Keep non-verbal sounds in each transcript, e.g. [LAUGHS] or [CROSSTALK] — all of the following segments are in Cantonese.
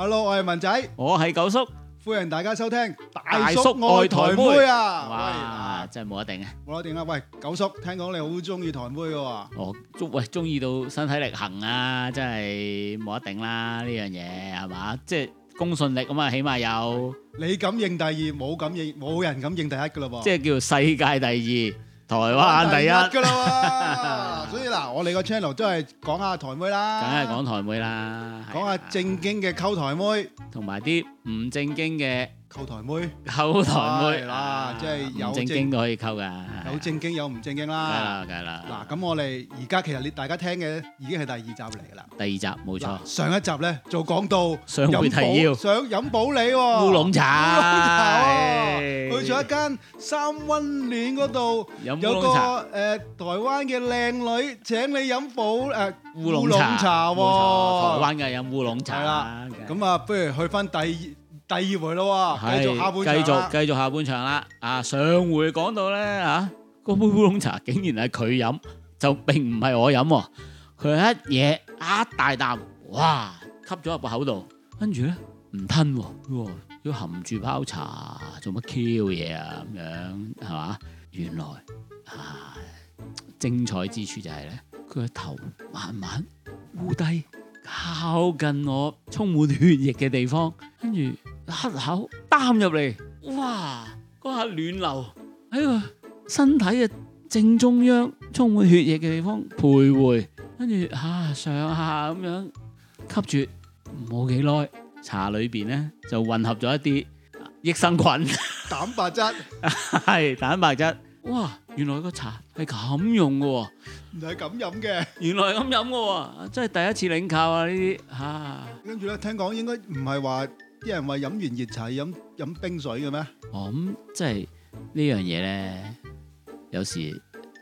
Hello，我係文仔，我係九叔，歡迎大家收聽大叔愛叔台妹啊！哇，妹哇真係冇得頂啊，冇得頂啊！喂，九叔，聽講你好中意台妹噶喎，哦，中喂，中意到身體力行啊，真係冇得頂啦、啊！呢樣嘢係嘛，即係公信力咁啊，起碼有。你敢認第二，冇敢認，冇人敢認第一噶啦喎，即係叫世界第二。台灣第一㗎。 [LAUGHS] 所以嗱，我哋個 channel 都係講下台妹啦，梗係講台妹啦，講下正經嘅溝台妹，同埋啲唔正經嘅。溝台妹，溝台妹啊，即係有正經都可以溝噶，有正經有唔正經啦，梗係啦。嗱咁我哋而家其實你大家聽嘅已經係第二集嚟㗎啦，第二集冇錯。上一集咧就講到上回提要，想飲保你烏龍茶，去咗一間三溫暖嗰度，有個誒台灣嘅靚女請你飲保誒烏龍茶喎，台灣嘅飲烏龍茶。係啦，咁啊不如去翻第二。第二回咯喎，繼續繼續繼續下半場啦！啊，上回講到咧，啊，嗰杯烏龍茶竟然係佢飲，就並唔係我飲。佢一嘢一大啖，哇，吸咗入個口度，跟住咧唔吞，要含住泡茶做乜 Q 嘢啊？咁樣係嘛？原來啊，精彩之處就係咧，佢個頭慢慢烏低，靠近我充滿血液嘅地方，跟住。入口擔入嚟，哇！嗰下暖流喺個身體嘅正中央，充滿血液嘅地方徘徊，跟住啊上下咁樣吸住，冇幾耐，茶裏邊咧就混合咗一啲益生菌、蛋白質，係蛋白質。哇！原來個茶係咁用喎，原來係咁飲嘅，原來係咁飲喎，真係第一次領教啊！呢啲吓，跟住咧聽講應該唔係話。啲人話飲完熱茶飲飲冰水嘅咩？哦咁，嗯，即係呢樣嘢咧，有時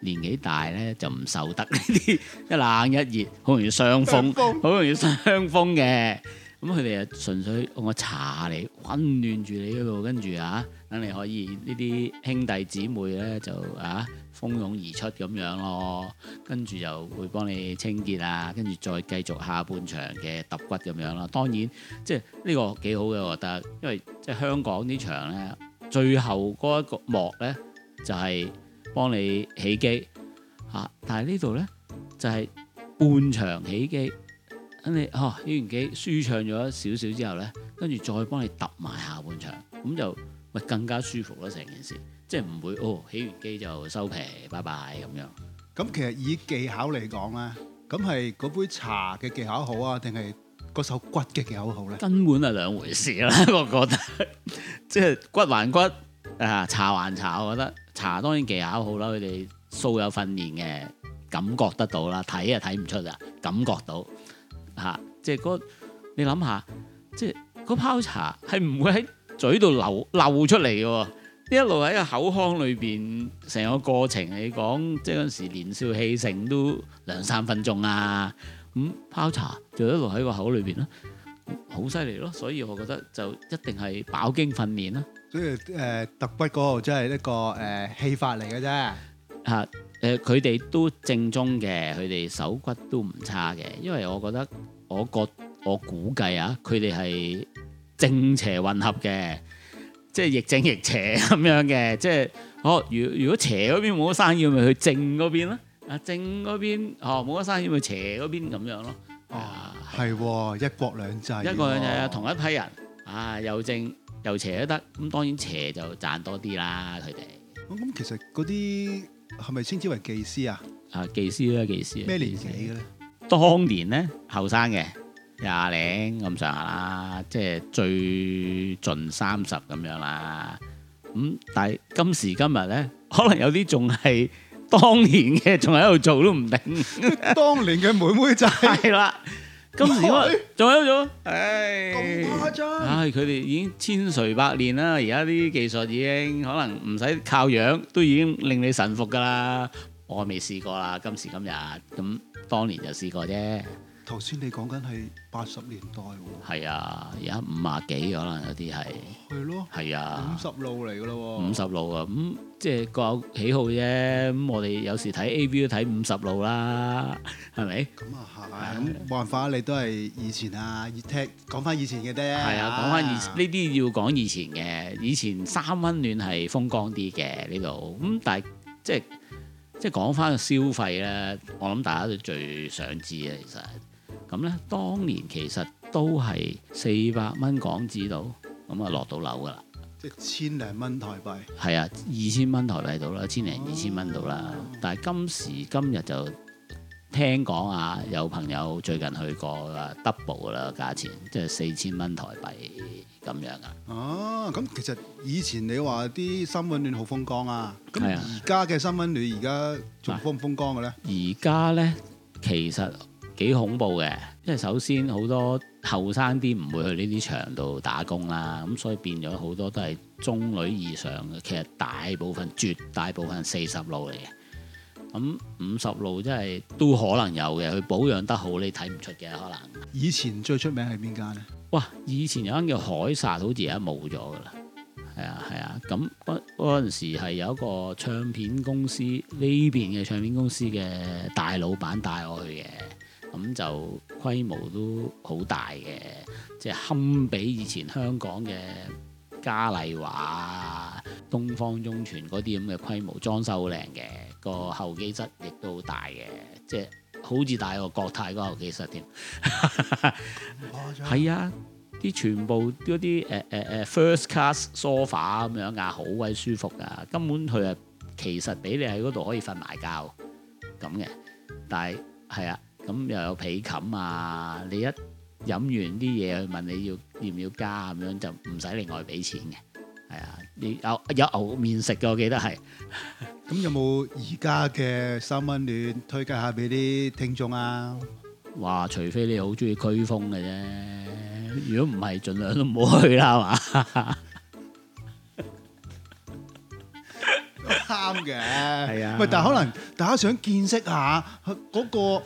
年紀大咧就唔受得呢啲一冷一熱，好容易傷風，好風容易傷風嘅。咁佢哋啊純粹用個茶嚟溫暖住你嗰度，跟住啊等你可以呢啲兄弟姊妹咧就啊蜂擁而出咁樣咯，跟住就會幫你清潔啊，跟住再繼續下半場嘅揼骨咁樣咯。當然即係呢個幾好嘅，我覺得，因為即係香港呢場呢，最後嗰一個幕呢，就係、是、幫你起機嚇、啊，但係呢度呢，就係、是、半場起機。咁你哦，起完機舒暢咗少少之後咧，跟住再幫你揼埋下半場，咁就咪更加舒服囉。成件事即係唔會哦，起完機就收皮，拜拜咁樣。咁其實以技巧嚟講咧，咁係嗰杯茶嘅技巧好啊，定係個手骨嘅技巧好咧？根本係兩回事啦，我覺得。即係骨還骨啊，茶還茶，我覺得茶當然技巧好啦。佢哋素有訓練嘅，感覺得到啦，睇啊睇唔出啊，感覺到。吓，即係個你諗下，即係個泡茶係唔會喺嘴度流漏出嚟嘅，呢一路喺個口腔裏邊，成個過程嚟講，即係嗰時年少氣盛都兩三分鐘啊，咁泡茶就一路喺個口裏邊咯，好犀利咯，所以我覺得就一定係飽經訓練咯。所以誒，揼骨嗰度即係一個誒氣法嚟嘅啫，吓。誒，佢哋都正宗嘅，佢哋手骨都唔差嘅。因為我覺得，我覺我估計啊，佢哋係正邪混合嘅，即係亦正亦邪咁樣嘅。即係哦，如如果邪嗰邊冇、哦、得生意，咪去正嗰邊咯。啊，正嗰邊哦冇得生意，咪邪嗰邊咁樣咯。哦，係喎、哦，一國兩制、哦，一國兩制，同一批人啊，又正又邪都得。咁當然邪就賺多啲啦，佢哋。咁咁、哦，其實嗰啲。係咪稱之為技師啊？啊，技師啦、啊，技師、啊。咩年紀嘅咧？當年咧，後生嘅廿零咁上下啦，即係最盡三十咁樣啦。咁、嗯、但係今時今日咧，可能有啲仲係當年嘅，仲喺度做都唔定。 [LAUGHS] 當年嘅妹妹仔係啦。 [LAUGHS] 今時我仲是有咗，唉、哎，咁誇張！唉、哎，佢哋已經千錘百煉啦，而家啲技術已經可能唔使靠樣，都已經令你臣服噶啦。我未試過啦，今時今日，咁當年就試過啫。頭先你講緊係八十年代喎，係啊，而家五啊幾可能有啲係，係咯，係啊，五十路嚟噶咯喎，五十路啊，咁即係各有喜好啫。咁我哋有時睇 AV 都睇五十路啦，係咪？咁啊係，咁冇辦法你都係以前啊，熱踢講翻以前嘅啫。係啊，講翻以前呢啲要講以前嘅，以前三溫暖係風光啲嘅呢度。咁、嗯、但係即係即係講翻個消費咧，我諗大家都最想知啊，其實。咁咧，當年其實都係四百蚊港紙度，咁啊落到樓噶啦，即千零蚊台幣。係啊，二千蚊台幣到啦，千零二千蚊到啦。啊、但係今時今日就聽講啊，有朋友最近去過啊，double 啦，價錢即係四千蚊台幣咁樣啊。哦，咁其實以前你話啲三溫暖好風光啊，咁而家嘅三溫暖而家仲風唔風光嘅咧？而家咧，其實。幾恐怖嘅，因為首先好多後生啲唔會去呢啲場度打工啦，咁所以變咗好多都係中女以上嘅。其實大部分絕大部分四十路嚟嘅，咁五十路真係都可能有嘅。佢保養得好，你睇唔出嘅可能。以前最出名係邊間呢？哇！以前有間叫海沙，好似而家冇咗㗎喇。係啊，係啊。咁嗰嗰陣時係有一個唱片公司呢邊嘅唱片公司嘅大老闆帶我去嘅。咁就規模都好大嘅，即係堪比以前香港嘅嘉麗華、東方、中傳嗰啲咁嘅規模，裝修好靚嘅，個候機室亦都好大嘅，即係好似大過國泰個候機室添。係、 [LAUGHS] 嗯、啊，啲、 [LAUGHS] 啊、全部嗰啲誒誒誒 first class sofa 咁樣啊，好鬼舒服噶，根本佢啊其實俾你喺嗰度可以瞓埋覺咁嘅，但係係啊。咁又有被冚啊！你一飲完啲嘢，去問你要要唔要加，咁樣就唔使另外俾錢嘅，係啊！你有有牛麵食嘅，我記得係。咁有冇而家嘅三溫暖推介下俾啲聽眾啊？哇！除非你好中意驅風嘅啫，如果唔係，儘量都唔好去啦，係嘛？啱嘅，係啊。喂，但係可能大家想見識下嗰個。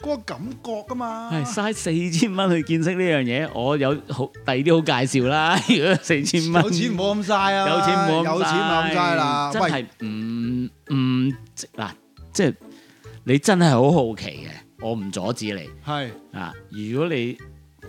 嗰個感覺噶嘛？係嘥四千蚊去見識呢樣嘢，我有好第二啲好介紹啦。如果四千蚊，有錢唔好咁嘥啊！有錢唔好咁嘥啦！真係唔唔，嗱，即係你真係好好奇嘅，我唔阻止你。係啊，如果你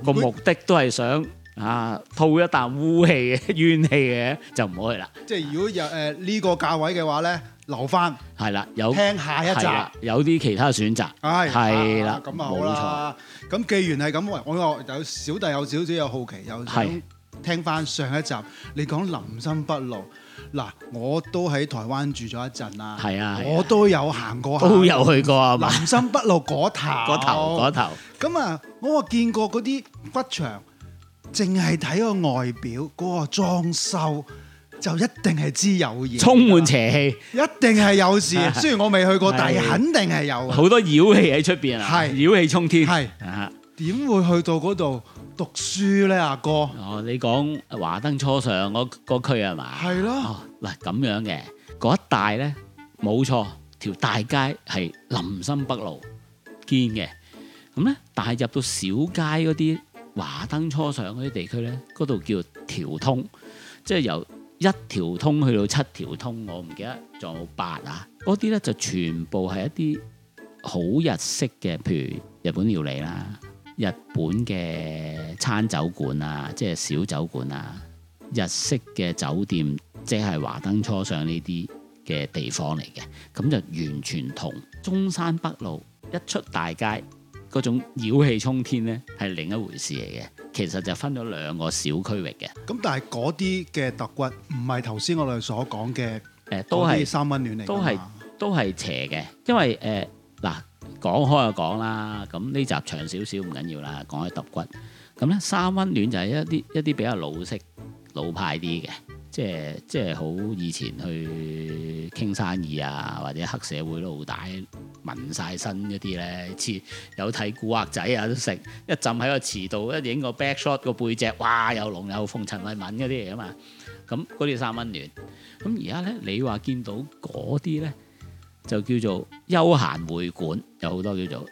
個目的都係想啊吐一啖污氣嘅怨氣嘅，就唔好去啦。即係如果有誒呢個價位嘅話咧？留翻，係啦，有聽下一集，有啲其他選擇，係啦，咁啊好啦。咁既然係咁，我有小弟有少少有好奇，有想聽翻上一集，你講林森北路，嗱，我都喺台灣住咗一陣啦，我都有行過，都有去過啊林森北路嗰頭，嗰頭嗰頭，咁啊，我見過嗰啲骨場，淨係睇個外表，嗰個裝修。就一定係知有事，充滿邪氣，啊、一定係有事。啊、雖然我未去過，但係的肯定係有好多妖氣喺出邊啊！係妖氣沖天，係啊？點會去到嗰度讀書咧，阿哥？哦，你講華燈初上嗰嗰區係嘛？係咯的，嗱咁、哦、樣嘅嗰一帶咧，冇錯，條大街係林森北路堅嘅，咁咧，但係入到小街嗰啲華燈初上嗰啲地區咧，嗰度叫條通，即係由。一條通去到七條通，我唔記得仲有八啊！嗰啲呢，就全部係一啲好日式嘅，譬如日本料理啦、日本嘅餐酒館啊、即係小酒館啊、日式嘅酒店，即係華燈初上呢啲嘅地方嚟嘅，咁就完全同中山北路一出大街。嗰種妖氣沖天呢係另一回事嚟嘅。其實就分咗兩個小區域嘅。咁但係嗰啲嘅揼骨唔係頭先我哋所講嘅，誒都係三溫暖嚟是，都係是都係邪嘅。因為誒嗱講開就講啦，咁呢集長少少唔緊要啦，講起揼骨。咁呢三溫暖就係一啲一啲比較老式老派啲嘅，即係即係好以前去傾生意啊，或者黑社會老大。紋晒身嗰啲咧，似有睇古惑仔啊，都食一浸喺個池度，一影個 back shot 個背脊，哇，有龍有鳳，陳慧敏嗰啲嚟啊嘛，咁嗰啲三溫暖。咁而家咧，你話見到嗰啲咧，就叫做休閒會館，有好多叫做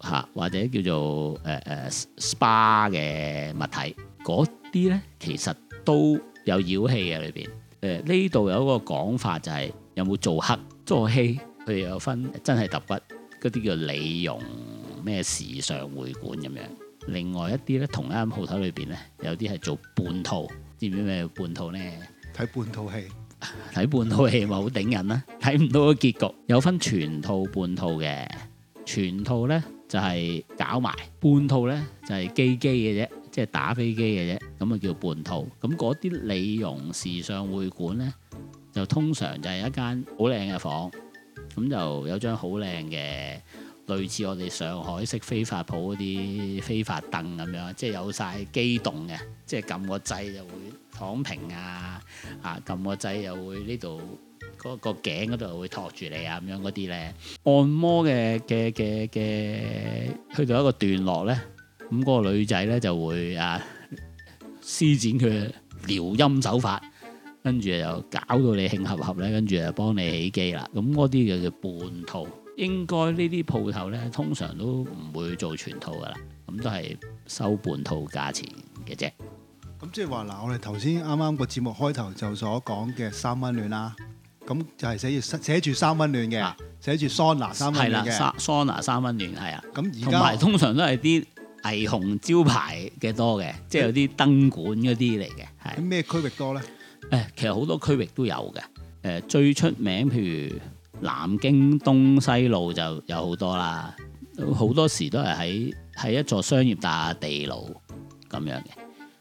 吓或者叫做誒誒、uh, uh, spa 嘅物體，嗰啲咧其實都有妖氣嘅裏邊。誒、呃，呢度有一個講法就係、是、有冇做黑做氣。佢哋有分真係揼骨嗰啲叫理容咩時尚會館咁樣，另外一啲咧同一間鋪頭裏邊咧，有啲係做半套，知唔知咩叫半套咧？睇半套戲，睇 [LAUGHS] 半套戲咪好頂人啦，睇唔到個結局。有分全套，半套，全套、就是、半套嘅，全套咧就係搞埋，半套咧就係機機嘅啫，即係打飛機嘅啫，咁啊叫半套。咁嗰啲理容時尚會館咧，就通常就係一間好靚嘅房。咁就有張好靚嘅，類似我哋上海式飛發鋪嗰啲飛發凳咁樣，即係有晒機動嘅，即係撳個掣就會躺平啊，啊撳個掣又會呢度嗰個頸嗰度會托住你啊咁樣嗰啲咧，按摩嘅嘅嘅嘅，去到一個段落咧，咁、那、嗰個女仔咧就會啊施展佢嘅撩陰手法。跟住就搞到你興合合咧，跟住就幫你起機啦。咁嗰啲就叫半套，應該呢啲鋪頭咧通常都唔會做全套噶啦，咁都係收半套價錢嘅啫。咁即係話嗱，我哋頭先啱啱個節目開頭就所講嘅三溫暖啦，咁就係寫住的寫住三溫暖嘅，寫住桑拿三溫暖嘅，桑桑拿三溫暖係啊。咁而家同埋通常都係啲霓虹招牌嘅多嘅，即係有啲燈管嗰啲嚟嘅。喺咩區域多咧？誒，其實好多區域都有嘅。誒，最出名譬如南京東西路就有好多啦，好多時都係喺喺一座商業大廈地牢咁樣嘅。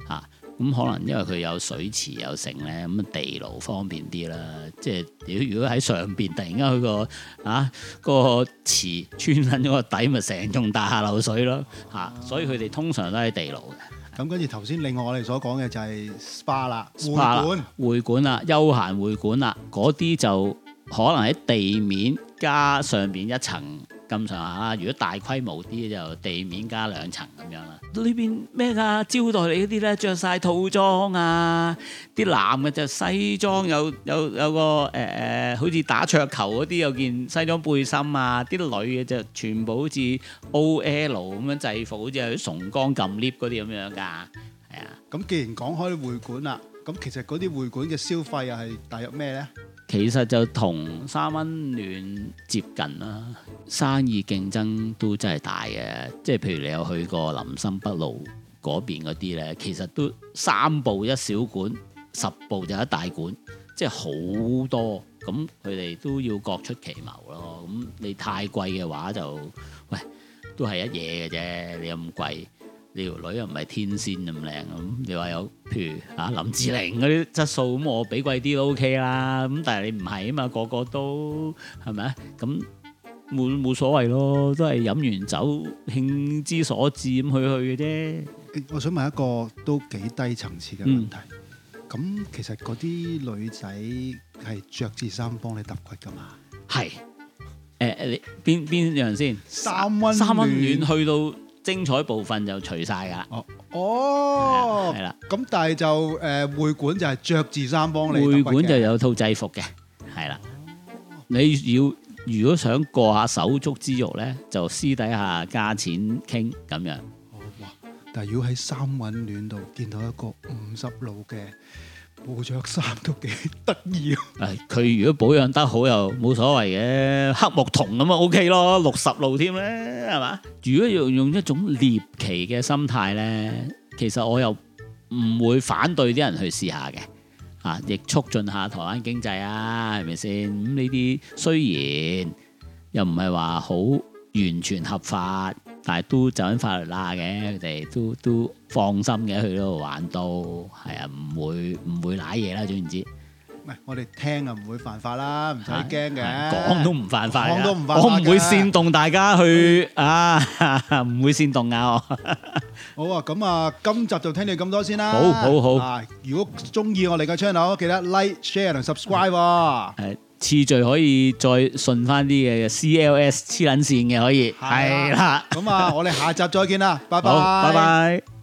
嚇、啊，咁可能因為佢有水池有剩咧，咁地牢方便啲啦。即係如果喺上邊突然間佢個啊嗰、嗰個池穿撚咗個底，咪成棟大廈漏水咯。嚇、啊，所以佢哋通常都喺地牢嘅。咁跟住頭先，另外我哋所講嘅就係 SPA 啦，會館、Spa，會館啦、休閒會館啦，嗰啲就可能喺地面加上面一層。咁上下，如果大規模啲就地面加兩層咁樣啦。裏邊咩㗎？招待你啲咧，着晒套裝啊！啲男嘅就西裝，有有有個誒誒、呃，好似打桌球嗰啲有件西裝背心啊！啲女嘅就全部好似 O L 咁樣制服，好似去崇光撳 lift 嗰啲咁樣㗎，係啊。咁既然講開會館啦，咁其實嗰啲會館嘅消費又係大約咩咧？其實就同三溫暖接近啦，生意競爭都真係大嘅。即係譬如你有去過林森北路嗰邊嗰啲呢，其實都三步一小館，十步就一大館，即係好多。咁佢哋都要各出奇謀咯。咁你太貴嘅話就，喂，都係一嘢嘅啫。你咁貴。條女又唔係天仙咁靚咁，你話有譬如啊林志玲嗰啲質素咁，我俾貴啲都 OK 啦。咁但係你唔係啊嘛，個個都係咪啊？咁冇冇所謂咯，都係飲完酒，興之所至咁去去嘅啫。我想問一個都幾低層次嘅問題，咁其實嗰啲女仔係著住衫幫你揼骨㗎嘛？係。誒，你邊邊樣先？三溫暖三溫暖去到。精彩部分就除曬㗎。哦，係啦。咁但係就誒，會館就係着住衫幫你。會館就有套制服嘅，係啦。你要如果想過下手足之慾咧，就私底下加錢傾咁樣。哇！但係如果喺三温暖度見到一個五十佬嘅。冇着衫都幾得意啊！佢、呃、如果保養得好又冇所謂嘅黑木瞳咁咪 OK 咯，六十路添咧，係嘛？如果要用一種獵奇嘅心態咧，其實我又唔會反對啲人去試下嘅啊，亦促進下台灣經濟啊，係咪先咁？呢、嗯、啲雖然又唔係話好完全合法。但係都就喺法律啦嘅，佢哋都都放心嘅，去嗰度玩到，係啊，唔會唔會瀨嘢啦，總言之，喂，我哋聽啊，唔會犯法啦，唔使驚嘅，講都唔犯法，講都唔犯法，我唔會煽動大家去啊，唔會煽動啊，好啊，咁啊，今集就聽你咁多先啦，好好好，如果中意我哋嘅 channel，記得 like、share 同 subscribe。次序可以再順翻啲嘅，CLS 黐撚線嘅可以，係啦。咁啊，我哋下集再見啦，拜拜 [LAUGHS] bye，拜拜。Bye bye。